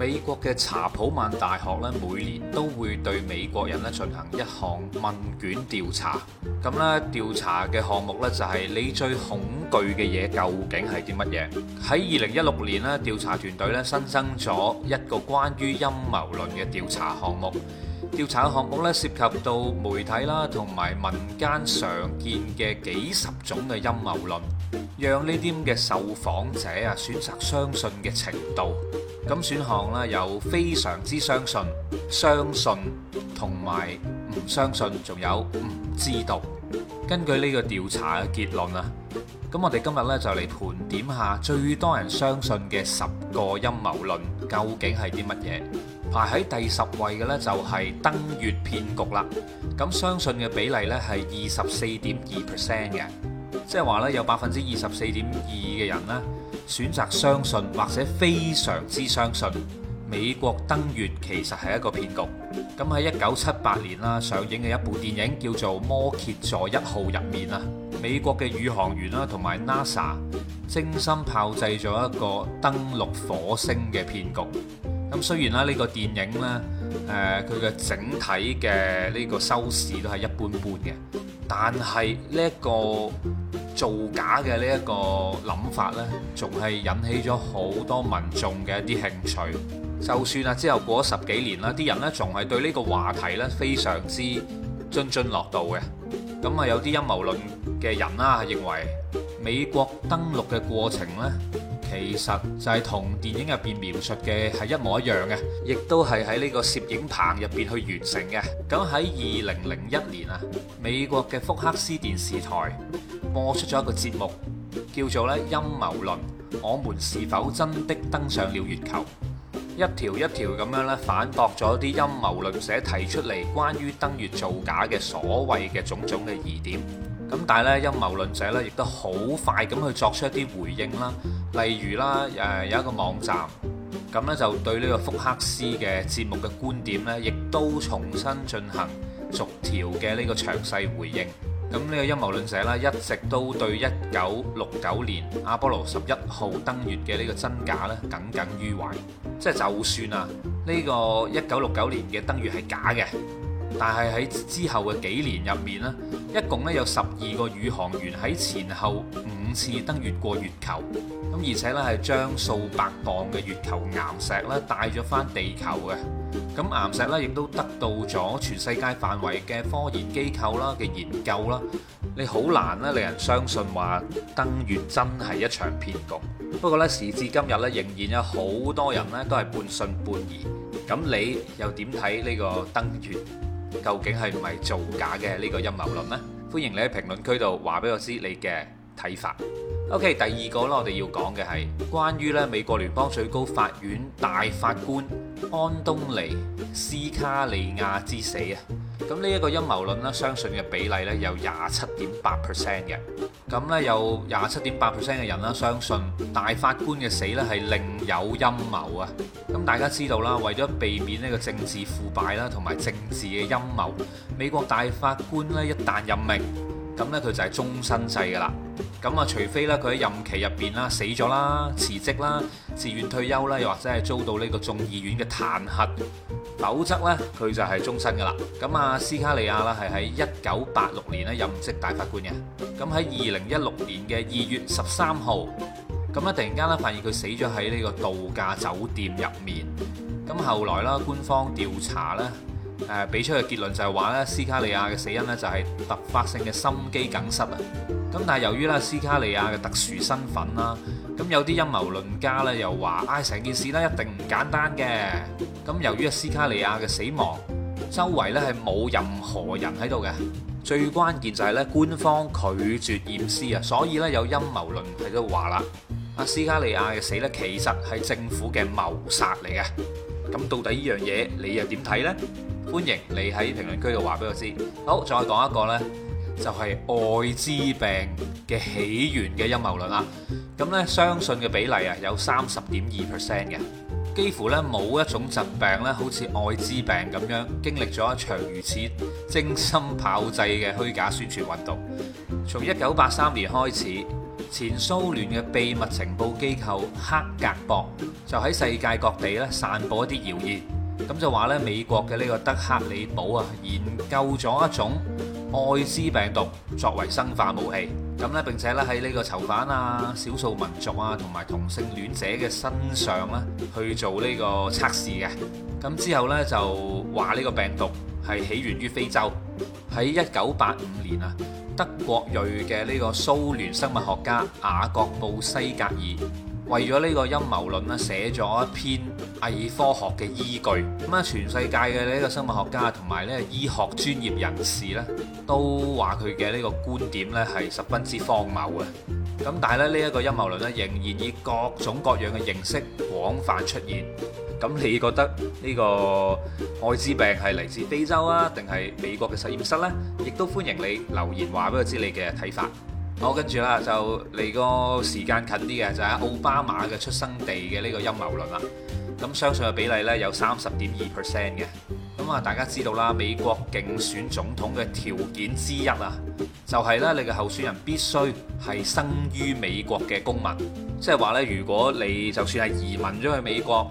美國嘅查普曼大學咧，每年都會對美國人咧進行一項問卷調查。咁咧，調查嘅項目咧就係你最恐懼嘅嘢究竟係啲乜嘢？喺二零一六年咧，調查團隊咧新增咗一個關於陰謀論嘅調查項目。調查項目咧涉及到媒體啦，同埋民間常見嘅幾十種嘅陰謀論，讓呢啲嘅受訪者啊選擇相信嘅程度。咁選項呢，有非常之相信、相信同埋唔相信，仲有唔知道。根據呢個調查嘅結論啊，咁我哋今日呢，就嚟盤點下最多人相信嘅十個陰謀論，究竟係啲乜嘢？排喺第十位嘅呢，就係登月騙局啦。咁相信嘅比例呢，係二十四點二 percent 嘅，即係話呢，有百分之二十四點二嘅人呢。選擇相信或者非常之相信美國登月其實係一個騙局。咁喺一九七八年啦，上映嘅一部電影叫做《摩羯座一號》入面啊，美國嘅宇航員啦同埋 NASA 精心炮製咗一個登陸火星嘅騙局。咁雖然啦呢個電影呢，誒佢嘅整體嘅呢個收視都係一般般嘅，但係呢一個。造假嘅呢一個諗法呢，仲係引起咗好多民眾嘅一啲興趣。就算啊，之後過咗十幾年啦，啲人呢仲係對呢個話題呢非常之津津樂道嘅。咁啊，有啲陰謀論嘅人啦、啊，認為美國登陸嘅過程呢。其實就係同電影入邊描述嘅係一模一樣嘅，亦都係喺呢個攝影棚入邊去完成嘅。咁喺二零零一年啊，美國嘅福克斯電視台播出咗一個節目，叫做咧陰謀論：我們是否真的登上了月球？一條一條咁樣咧反駁咗啲陰謀論者提出嚟關於登月造假嘅所謂嘅種種嘅疑點。咁但係咧，陰謀論者咧，亦都好快咁去作出一啲回應啦。例如啦，誒有一個網站，咁咧就對呢個福克斯嘅節目嘅觀點咧，亦都重新進行逐條嘅呢個詳細回應。咁呢個陰謀論者咧，一直都對一九六九年阿波羅十一號登月嘅呢個真假咧，耿耿於懷。即係就算啊，呢個一九六九年嘅登月係假嘅。但係喺之後嘅幾年入面呢，一共咧，有十二個宇航員喺前後五次登月過月球。咁而且咧，係將數百磅嘅月球岩石咧帶咗翻地球嘅。咁岩石呢，亦都得到咗全世界範圍嘅科研機構啦嘅研究啦，你好難咧，令人相信話登月真係一場騙局。不過呢，時至今日呢，仍然有好多人呢都係半信半疑。咁你又點睇呢個登月？究竟係咪造假嘅呢個陰謀論呢？歡迎你喺評論區度話俾我知你嘅睇法，OK，第二個啦，我哋要講嘅係關於咧美國聯邦最高法院大法官安東尼斯卡利亞之死啊，咁呢一個陰謀論咧，相信嘅比例咧有廿七點八 percent 嘅，咁咧有廿七點八 percent 嘅人啦，相信大法官嘅死咧係另有陰謀啊，咁大家知道啦，為咗避免呢個政治腐敗啦，同埋政治嘅陰謀，美國大法官咧一旦任命。咁咧佢就係終身制噶啦，咁啊除非咧佢喺任期入邊啦，死咗啦，辭職啦，自願退休啦，又或者係遭到呢個眾議院嘅彈劾，否則呢，佢就係終身噶啦。咁啊斯卡利亞啦係喺一九八六年咧任職大法官嘅，咁喺二零一六年嘅二月十三號，咁咧突然間咧發現佢死咗喺呢個度假酒店入面，咁後來啦官方調查咧。誒，俾、啊、出嘅結論就係話呢，斯卡利亞嘅死因呢，就係突發性嘅心肌梗塞啊。咁但係由於呢斯卡利亞嘅特殊身份啦，咁有啲陰謀論家呢，又、哎、話，唉，成件事呢一定唔簡單嘅。咁由於斯卡利亞嘅死亡，周圍呢係冇任何人喺度嘅，最關鍵就係呢官方拒絕驗屍啊，所以呢，有陰謀論喺度話啦，阿斯卡利亞嘅死呢，其實係政府嘅謀殺嚟嘅。咁到底呢樣嘢你又點睇咧？歡迎你喺評論區度話俾我知。好，再講一個咧，就係艾滋病嘅起源嘅陰謀論喇！咁咧，相信嘅比例啊，有三十點二 percent 嘅，幾乎咧冇一種疾病咧，好似艾滋病咁樣經歷咗一場如此精心炮製嘅虛假宣傳運動。從一九八三年開始。前蘇聯嘅秘密情報機構克格勃就喺世界各地咧散播一啲謠言，咁就話咧美國嘅呢個德克里堡啊，研究咗一種愛滋病毒作為生化武器，咁咧並且咧喺呢個囚犯啊、少數民族啊同埋同性戀者嘅身上咧去做呢個測試嘅，咁之後咧就話呢個病毒，係起源於非洲，喺一九八五年啊，德國裔嘅呢個蘇聯生物學家雅各布西格爾，為咗呢個陰謀論啦，寫咗一篇偽科學嘅依據。咁啊，全世界嘅呢個生物學家同埋咧醫學專業人士咧，都話佢嘅呢個觀點咧係十分之荒謬嘅。咁但係咧，呢一個陰謀論咧，仍然以各種各樣嘅形式廣泛出現。咁你覺得呢個艾滋病係嚟自非洲啊，定係美國嘅實驗室咧？亦都歡迎你留言話俾我知你嘅睇法。好，跟住啦，就嚟個時間近啲嘅就係奧巴馬嘅出生地嘅呢個陰謀論啊。咁相信嘅比例咧有三十點二 percent 嘅。咁啊，大家知道啦，美國競選總統嘅條件之一啊，就係咧你嘅候選人必須係生於美國嘅公民，即係話咧，如果你就算係移民咗去美國。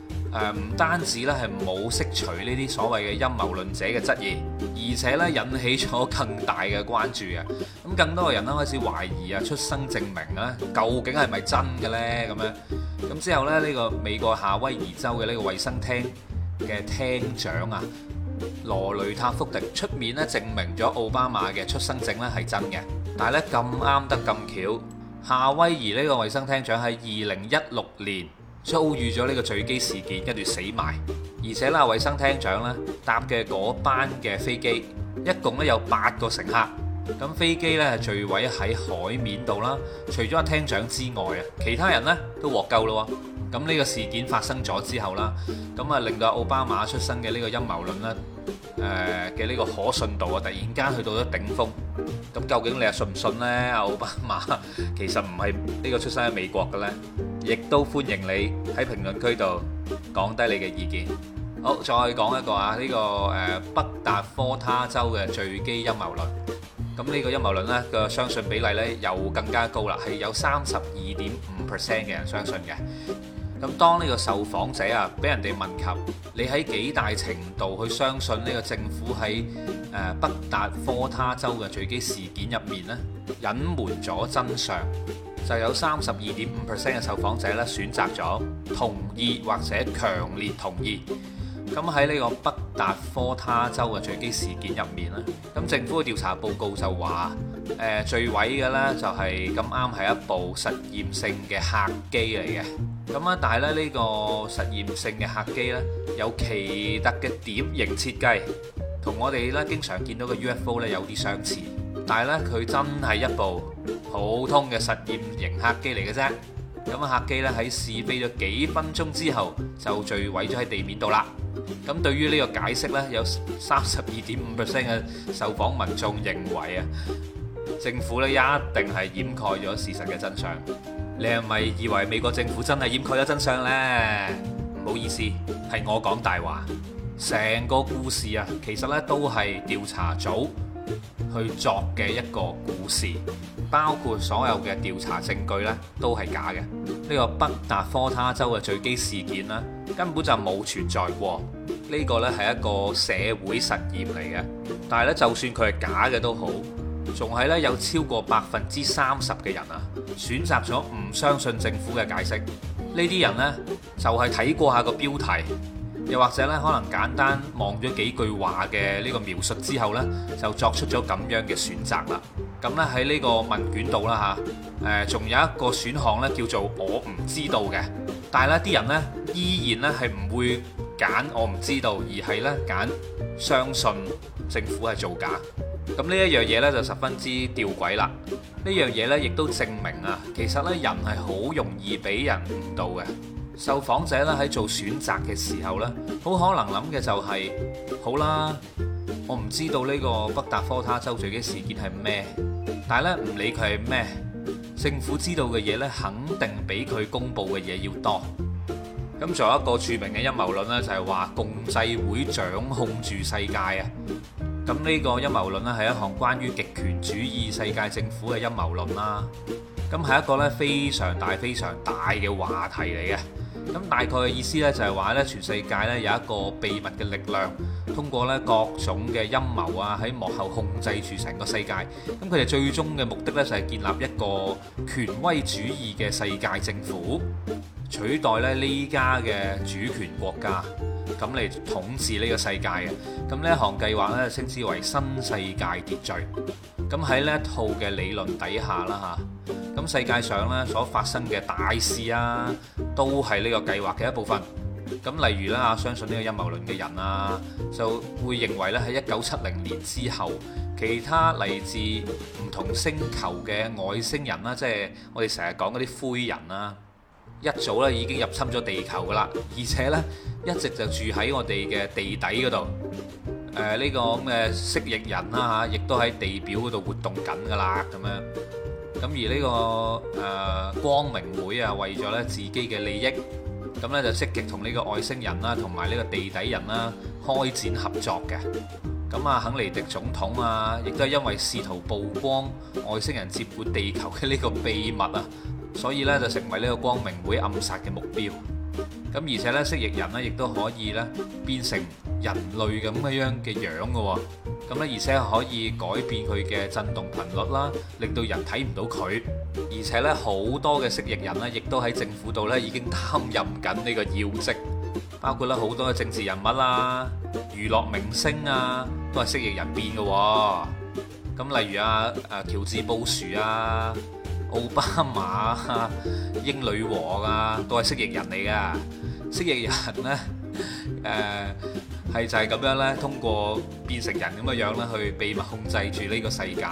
誒唔、啊、單止咧係冇識除呢啲所謂嘅陰謀論者嘅質疑，而且咧引起咗更大嘅關注，嘅咁更多嘅人咧開始懷疑啊出生證明啊究竟係咪真嘅呢。咁樣咁之後咧呢、這個美國夏威夷州嘅呢個衛生廳嘅廳長啊羅雷塔福迪出面咧證明咗奧巴馬嘅出生證咧係真嘅。但係咧咁啱得咁巧，夏威夷呢個衛生廳長喺二零一六年。遭遇咗呢個墜機事件，跟住死埋，而且啦，衞生廳長咧搭嘅嗰班嘅飛機，一共咧有八個乘客，咁飛機咧係墜毀喺海面度啦。除咗阿廳長之外啊，其他人咧都獲救咯。咁呢個事件發生咗之後啦，咁啊令到阿奧巴馬出生嘅呢個陰謀論咧，誒嘅呢個可信度啊，突然間去到咗頂峯。咁究竟你係信唔信咧？阿奧巴馬其實唔係呢個出生喺美國嘅咧。亦都歡迎你喺評論區度講低你嘅意見。好，再講一個啊，呢個誒北達科他州嘅墜機陰謀論。咁呢個陰謀論呢，個相信比例呢又更加高啦，係有三十二點五 percent 嘅人相信嘅。咁當呢個受訪者啊，俾人哋問及你喺幾大程度去相信呢個政府喺誒北達科他州嘅墜機事件入面呢隱瞞咗真相？就有三十二點五 percent 嘅受訪者咧選擇咗同意或者強烈同意。咁喺呢個北達科他州嘅墜機事件入面咧，咁政府調查報告就話：誒墜毀嘅呢就係咁啱係一部實驗性嘅客機嚟嘅。咁啊，但係咧呢個實驗性嘅客機呢，有奇特嘅碟形設計，同我哋咧經常見到嘅 UFO 呢有啲相似。但係咧，佢真係一部普通嘅實驗型客機嚟嘅啫。咁客機咧喺試飛咗幾分鐘之後，就墜毀咗喺地面度啦。咁對於呢個解釋咧，有三十二點五 percent 嘅受訪民眾認為啊，政府咧一定係掩蓋咗事實嘅真相。你係咪以為美國政府真係掩蓋咗真相咧？唔好意思，係我講大話。成個故事啊，其實咧都係調查組。去作嘅一個故事，包括所有嘅調查證據呢，都係假嘅。呢個北達科他州嘅墜機事件咧，根本就冇存在過。呢個呢係一個社會實驗嚟嘅。但係呢，就算佢係假嘅都好，仲係呢有超過百分之三十嘅人啊，選擇咗唔相信政府嘅解釋。呢啲人呢，就係睇過下個標題。又或者咧，可能簡單望咗幾句話嘅呢個描述之後呢，就作出咗咁樣嘅選擇啦。咁呢，喺呢個問卷度啦嚇，誒仲有一個選項呢，叫做我唔知道嘅，但係呢啲人呢，依然呢係唔會揀我唔知道，而係呢揀相信政府係造假。咁呢一樣嘢呢，就十分之吊詭啦。呢樣嘢呢，亦都證明啊，其實呢，人係好容易俾人誤導嘅。受訪者咧喺做選擇嘅時候咧，好可能諗嘅就係：好啦，我唔知道呢個北達科他州最嘅事件係咩，但係咧唔理佢係咩，政府知道嘅嘢咧肯定比佢公佈嘅嘢要多。咁仲有一個著名嘅陰謀論咧，就係話共濟會掌控住世界啊！咁呢個陰謀論咧係一項關於極權主義世界政府嘅陰謀論啦。咁係一個咧非常大、非常大嘅話題嚟嘅。咁大概嘅意思呢，就係話呢，全世界呢有一個秘密嘅力量，通過呢各種嘅陰謀啊，喺幕後控制住成個世界。咁佢哋最終嘅目的呢，就係建立一個權威主義嘅世界政府，取代咧呢家嘅主權國家，咁嚟統治呢個世界嘅。咁呢一項計劃呢，稱之為新世界秩序。咁喺呢一套嘅理論底下啦嚇。咁世界上呢所發生嘅大事啊，都係呢個計劃嘅一部分。咁例如啦，相信呢個陰謀論嘅人啊，就會認為呢喺一九七零年之後，其他嚟自唔同星球嘅外星人啦、啊，即係我哋成日講嗰啲灰人啊，一早呢已經入侵咗地球噶啦，而且呢一直就住喺我哋嘅地底嗰度。誒、呃、呢、這個咁嘅蜥蜴人啦、啊、嚇，亦都喺地表嗰度活動緊噶啦，咁樣。咁而呢個誒光明會啊，為咗咧自己嘅利益，咁咧就積極同呢個外星人啦，同埋呢個地底人啦，開展合作嘅。咁啊肯尼迪總統啊，亦都係因為試圖曝光外星人接管地球嘅呢個秘密啊，所以咧就成為呢個光明會暗殺嘅目標。咁而且咧蜥蜴人咧亦都可以咧變成人類咁樣嘅樣噶喎。咁咧，而且可以改變佢嘅震動頻率啦，令到人睇唔到佢。而且咧，好多嘅蜥蜴人咧，亦都喺政府度咧已經擔任緊呢個要職，包括咧好多嘅政治人物啦、娛樂明星啊，都係蜥蜴人變嘅。咁例如啊，誒喬治布殊啊、奧巴馬、英女王啊，都係蜥蜴人嚟噶。蜥蜴人咧，誒。係就係咁樣咧，通過變成人咁嘅樣咧，去秘密控制住呢個世界。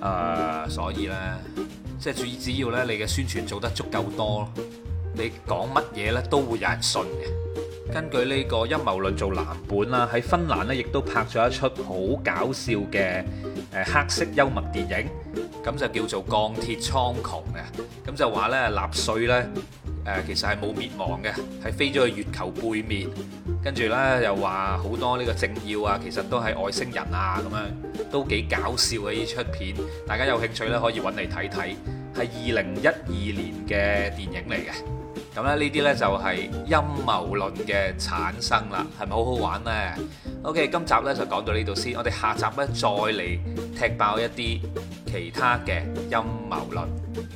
誒，所以咧，即係最只要咧，你嘅宣傳做得足夠多，你講乜嘢咧，都會有人信嘅。根據呢個陰謀論做藍本啦，喺芬蘭咧，亦都拍咗一出好搞笑嘅誒黑色幽默電影，咁就叫做《鋼鐵蒼穹》嘅。咁就話咧，納粹咧，誒其實係冇滅亡嘅，係飛咗去月球背面。跟住呢，又話好多呢個政要啊，其實都係外星人啊咁樣，都幾搞笑嘅呢出片。大家有興趣呢，可以揾嚟睇睇，係二零一二年嘅電影嚟嘅。咁咧呢啲呢，就係陰謀論嘅產生啦，係咪好好玩呢？OK，今集呢，就講到呢度先，我哋下集呢，再嚟踢爆一啲其他嘅陰謀論。